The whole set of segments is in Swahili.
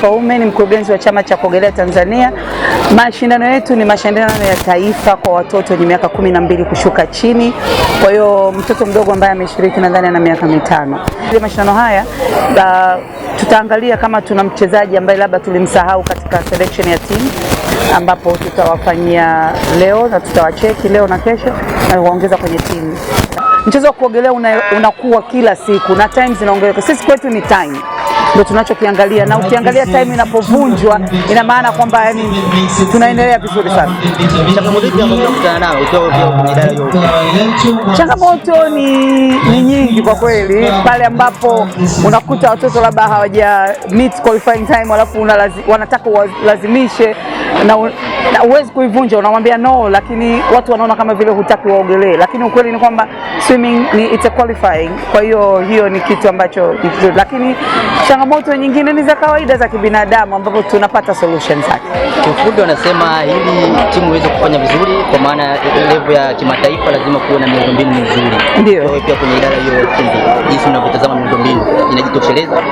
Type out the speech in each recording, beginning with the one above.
Faume ni mkurugenzi wa chama cha kuogelea Tanzania. Mashindano yetu ni mashindano ya taifa kwa watoto wenye miaka kumi na mbili kushuka chini, kwa hiyo mtoto mdogo ambaye ameshiriki nadhani ana miaka mitano. Mashindano haya uh, tutaangalia kama tuna mchezaji ambaye labda tulimsahau katika selection ya timu ambapo tutawafanyia leo na tutawacheki leo na kesho na kuongeza kwenye timu. Mchezo wa kuogelea unakuwa una kila siku na time zinaongezeka. Sisi kwetu ni time ndio tunachokiangalia, na ukiangalia time inapovunjwa ina maana kwamba yani tunaendelea vizuri sana. Changamoto ni, ni nyingi kwa kweli, pale ambapo unakuta watoto labda hawaja meet qualifying time alafu wanataka walazimishe na huwezi kuivunja, unamwambia no, lakini watu wanaona kama vile hutaki waogelee, lakini ukweli ni kwamba swimming ni it's a qualifying. Kwa hiyo hiyo ni kitu ambacho ni kizuri, lakini changamoto nyingine ni za kawaida za kibinadamu ambapo tunapata solution zake. Kiufundi wanasema ili timu iweze kufanya vizuri, kwa maana level ya kimataifa lazima kuwe na miundombinu mizuri. Ndio pia kwenye idara hiyo, jinsi unavyotazama miundombinu inajitosheleza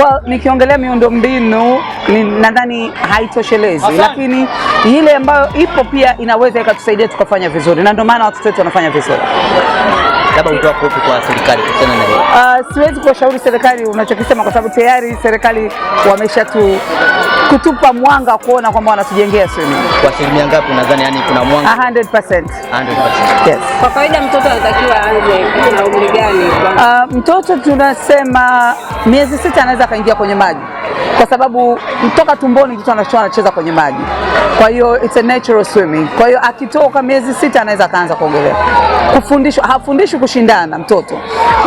kwa nikiongelea mbinu ni, nadhani haitoshelezi, lakini ile ambayo ipo pia inaweza ikatusaidia tukafanya vizuri, na ndio maana watoto wetu wanafanya vizuri. Kwa serikali uh, siwezi kuwashauri serikali unachokisema, kwa sababu tayari serikali wameshatu kutupa mwanga kuona kwamba wanatujengea swimming. Kwa asilimia ngapi unadhani yani kuna mwanga? 100%. 100%. Yes. Kwa kawaida mtoto anatakiwa anze na umri gani? Uh, mtoto tunasema miezi sita anaweza akaingia kwenye maji kwa sababu mtoka tumboni mtoto anacheza kwenye maji, kwa hiyo it's a natural swimming. Kwa hiyo akitoka miezi sita anaweza akaanza kuogelea. Kufundishwa, hafundishwi kushindana mtoto.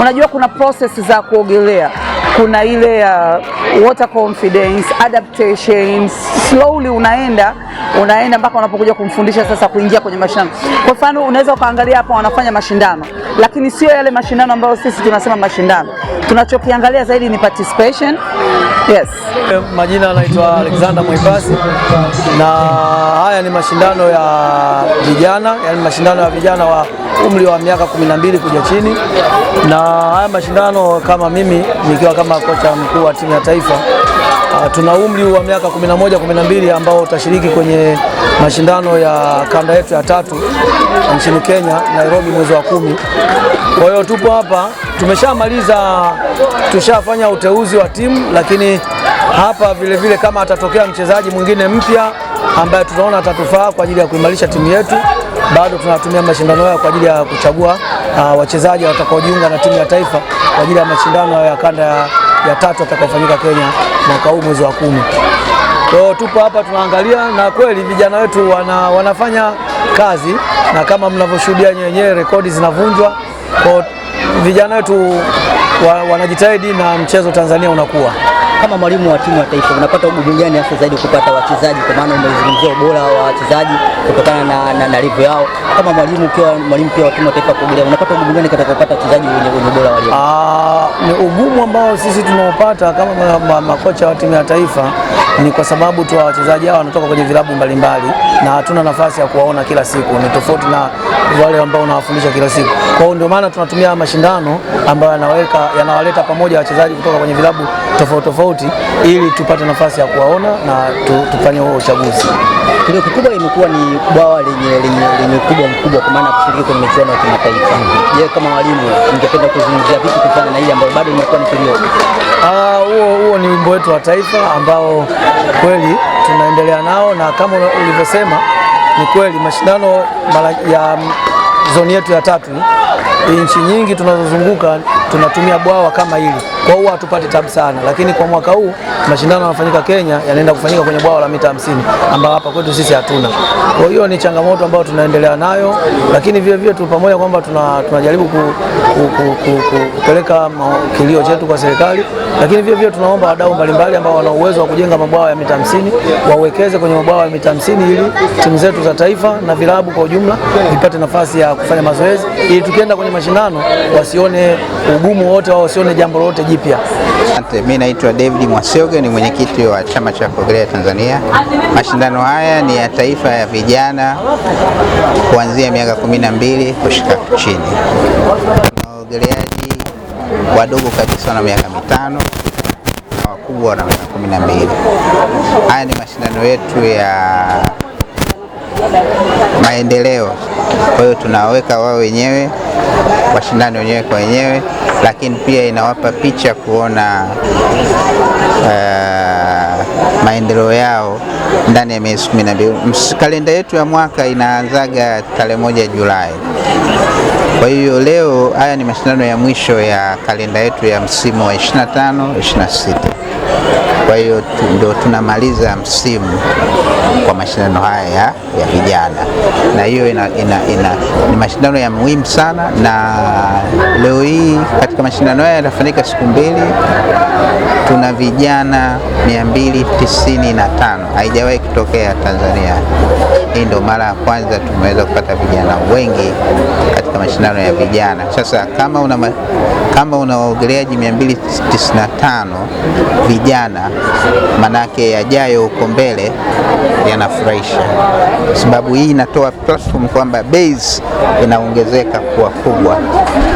Unajua kuna process za kuogelea kuna ile ya uh, water confidence adaptation, slowly unaenda unaenda mpaka unapokuja kumfundisha sasa kuingia kwenye mashindano. Kwa mfano, unaweza ukaangalia hapa wanafanya mashindano lakini sio yale mashindano ambayo sisi tunasema mashindano. Tunachokiangalia zaidi ni participation. Yes. Eh, majina anaitwa Alexander Mwaipasi, na haya ni mashindano ya vijana, yani mashindano ya vijana wa umri wa miaka 12 kuja chini, na haya mashindano kama mimi nikiwa kama kocha mkuu wa timu ya taifa Ah, tuna umri wa miaka 11 12 ambao utashiriki kwenye mashindano ya kanda yetu ya tatu nchini Kenya, Nairobi mwezi wa kumi. Kwa hiyo tupo hapa, tumeshamaliza, tushafanya uteuzi wa timu, lakini hapa vilevile vile kama atatokea mchezaji mwingine mpya ambaye tunaona atatufaa kwa ajili ya kuimarisha timu yetu, bado tunatumia mashindano haya kwa ajili ya kuchagua uh, wachezaji watakaojiunga na timu ya taifa kwa ajili ya mashindano ya kanda ya ya tatu atakayofanyika Kenya mwaka huu mwezi wa kumi. So, tupo hapa tunaangalia, na kweli vijana wetu wana, wanafanya kazi na kama mnavyoshuhudia wenyewe rekodi zinavunjwa. Kwa vijana wetu wanajitahidi na mchezo Tanzania unakuwa kama mwalimu wa timu ya taifa unapata ugumu gani hasa zaidi kupata wachezaji, kwa maana umezungumzia ubora wa wachezaji kutokana na, na, na level yao. Kama mwalimu ukiwa mwalimu pia wa timu ya taifa kuogelea, unapata ugumu gani katika kupata wachezaji wenye ubora wa Ah, ni ugumu ambao sisi tunaopata kama makocha wa timu ya taifa ni kwa sababu tu wachezaji hao wanatoka kwenye vilabu mbalimbali mbali na hatuna nafasi ya kuwaona kila siku, ni tofauti na wale ambao unawafundisha kila siku. Kwa hiyo ndio maana tunatumia mashindano ambayo yanaweka yanawaleta pamoja wachezaji kutoka kwenye vilabu tofauti tofauti, ili tupate nafasi ya kuwaona na tu, tufanye huo uchaguzi. Kilio kikubwa imekuwa ni bwawa lenye lenye lenye ukubwa mkubwa, kwa maana kushiriki kwenye michuano ya kimataifa. Je, kama walimu ningependa kuzungumzia vipi kutokana na hili ambalo bado limekuwa ni kilio? Ah, huo huo ni wimbo wetu wa taifa ambao kweli tunaendelea nao na kama ulivyosema kusema ni kweli mashindano ya zoni yetu ya tatu, nchi nyingi tunazozunguka tunatumia bwawa kama hili, kwa hiyo hatupati tabu sana. Lakini kwa mwaka huu mashindano yanafanyika Kenya, yanaenda kufanyika kwenye bwawa la mita 50 ambao hapa kwetu sisi hatuna. Kwa hiyo ni changamoto ambayo tunaendelea nayo, lakini vile vile tu pamoja kwamba tunajaribu tuna kupeleka kilio chetu kwa serikali, lakini vile vile tunaomba wadau mbalimbali ambao wana uwezo wa kujenga mabwawa ya mita 50 wawekeze kwenye mabwawa ya mita 50 ili timu zetu za taifa na vilabu kwa ujumla vipate nafasi ya kufanya mazoezi ili tukienda kwenye mashindano wasione ubu ugumu wote wao, sione jambo lolote jipya. Asante. Mimi naitwa David Mwasioge, ni mwenyekiti wa chama cha kuogelea Tanzania. Mashindano haya ni ya taifa ya vijana kuanzia miaka kumi na mbili kushika chini, waogeleaji wadogo kabisa na miaka mitano na wakubwa na miaka kumi na mbili. Haya ni mashindano yetu ya maendeleo, kwa hiyo tunawaweka wao wenyewe washindani wenyewe kwa wenyewe lakini pia inawapa picha kuona uh, maendeleo yao ndani ya miezi kumi na mbili. Kalenda yetu ya mwaka inaanzaga tarehe moja Julai. Kwa hiyo leo haya ni mashindano ya mwisho ya kalenda yetu ya msimu wa 25 26. Kwa hiyo ndo tunamaliza msimu kwa mashindano haya ya, ya vijana na hiyo ina, ina, ina, ni mashindano ya muhimu sana, na leo hii katika mashindano haya yatafanyika siku mbili, tuna vijana 295 haijawahi kutokea Tanzania. Hii ndo mara ya kwanza tumeweza kupata vijana wengi katika mashindano ya vijana. Sasa kama una kama una waogeleaji 295 vijana, manake yajayo huko mbele yanafurahisha, kwa sababu hii inatoa platform kwamba base inaongezeka kuwa kubwa,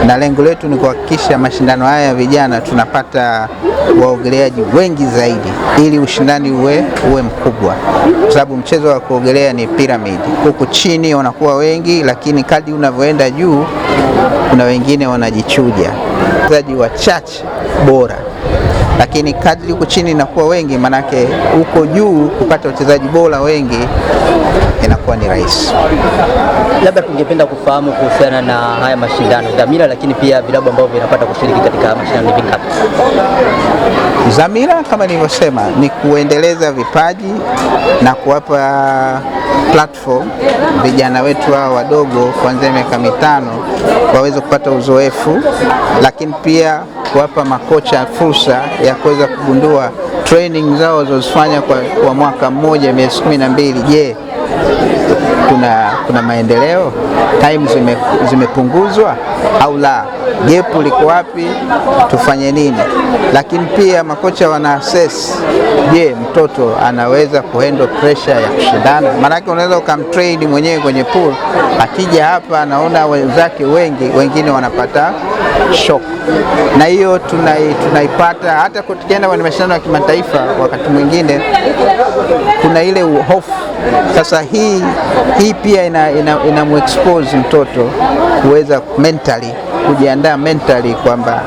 na lengo letu ni kuhakikisha mashindano haya ya vijana tunapata waogeleaji wengi zaidi, ili ushindani uwe, uwe mkubwa, kwa sababu mchezo wa kuogelea ni piramidi. Huku chini wanakuwa wengi, lakini kadri unavyoenda juu kuna wengine wanajichuja. wachezaji wachache bora lakini kadri huko chini inakuwa wengi, manake huko juu kupata wachezaji bora wengi inakuwa ni rahisi. Labda tungependa kufahamu kuhusiana na haya mashindano, dhamira lakini pia vilabu ambavyo vinapata kushiriki katika mashindano ni vingapi? Dhamira kama nilivyosema ni kuendeleza vipaji na kuwapa platform vijana wetu hao wadogo kuanzia miaka mitano waweze kupata uzoefu, lakini pia kuwapa makocha fursa ya kuweza kugundua training zao zilizofanya kwa, kwa mwaka mmoja miezi kumi na mbili je, kuna, kuna maendeleo, time zime, zimepunguzwa au la, gepu liko wapi, tufanye nini? Lakini pia makocha wana assess, je, mtoto anaweza kuhandle pressure ya kushindana? Maanake unaweza ukamtrade mwenyewe kwenye pool, akija hapa anaona wenzake wengi, wengine wanapata shock, na hiyo tunaipata hata tukienda kwenye mashindano ya kimataifa, wakati mwingine kuna ile hofu sasa. Hii hii pia ina, ina, ina muexpose mtoto kuweza mentally kujiandaa mentally kwamba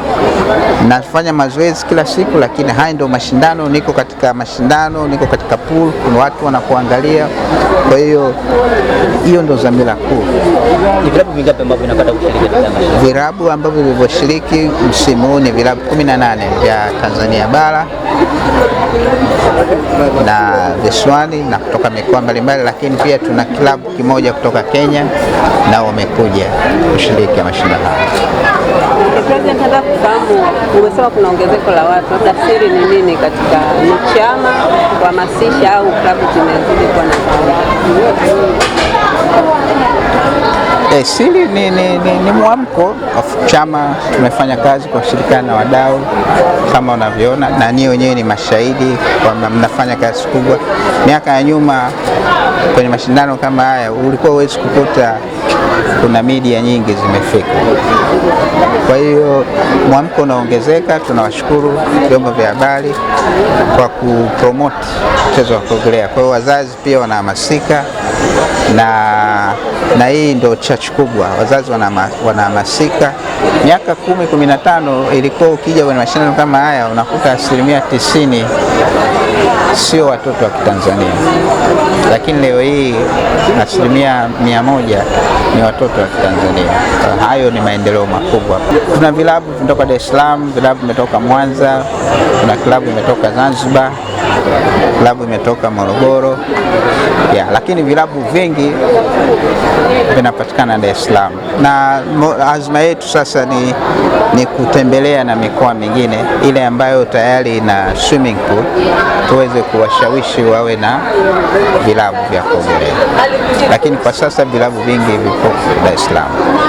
nafanya mazoezi kila siku, lakini haya ndio mashindano, niko katika mashindano, niko katika pool, kuna watu wanakuangalia. Kwa hiyo hiyo ndio dhamira kuu. Ni vilabu vingapi ambavyo vinakata kushiriki katika mashindano? Vilabu ambavyo vilivyoshiriki msimu huu ni vilabu 18 vya Tanzania bara na visiwani na kutoka mikoa mbalimbali, lakini pia tuna klabu kimoja kutoka Kenya nao wamekuja kushiriki mashindano haya. President, nataka kufahamu, umesema kuna ongezeko la watu, labda siri ni nini katika ni chama kuhamasisha au klabu zimezidi kuwa na E, siri ni, ni, ni, ni mwamko. Chama tumefanya kazi kwa kushirikiana na wadau kama unavyoona, na nyie wenyewe ni mashahidi kwamba mnafanya kazi kubwa miaka ya nyuma kwenye mashindano kama haya ulikuwa huwezi kukuta kuna media nyingi zimefika. Kwa hiyo mwamko unaongezeka. Tunawashukuru vyombo vya habari kwa kupromote mchezo wa kuogelea. Kwa hiyo wazazi pia wanahamasika na, na hii ndio chachu kubwa, wazazi wanahamasika. Miaka kumi kumi na tano ilikuwa ukija kwenye mashindano kama haya unakuta asilimia tisini sio watoto wa Kitanzania, lakini leo hii asilimia mia moja ni watoto wa Kitanzania. Hayo ni maendeleo makubwa. Tuna vilabu vimetoka Dar es Salaam, vilabu vimetoka Mwanza, kuna klabu imetoka Zanzibar klabu imetoka Morogoro ya, lakini vilabu vingi vinapatikana Dar es Salaam, na azma yetu sasa ni, ni kutembelea na mikoa mingine ile ambayo tayari ina swimming pool, tuweze kuwashawishi wawe na vilabu vya kuogelea, lakini kwa sasa vilabu vingi vipo Dar es Salaam.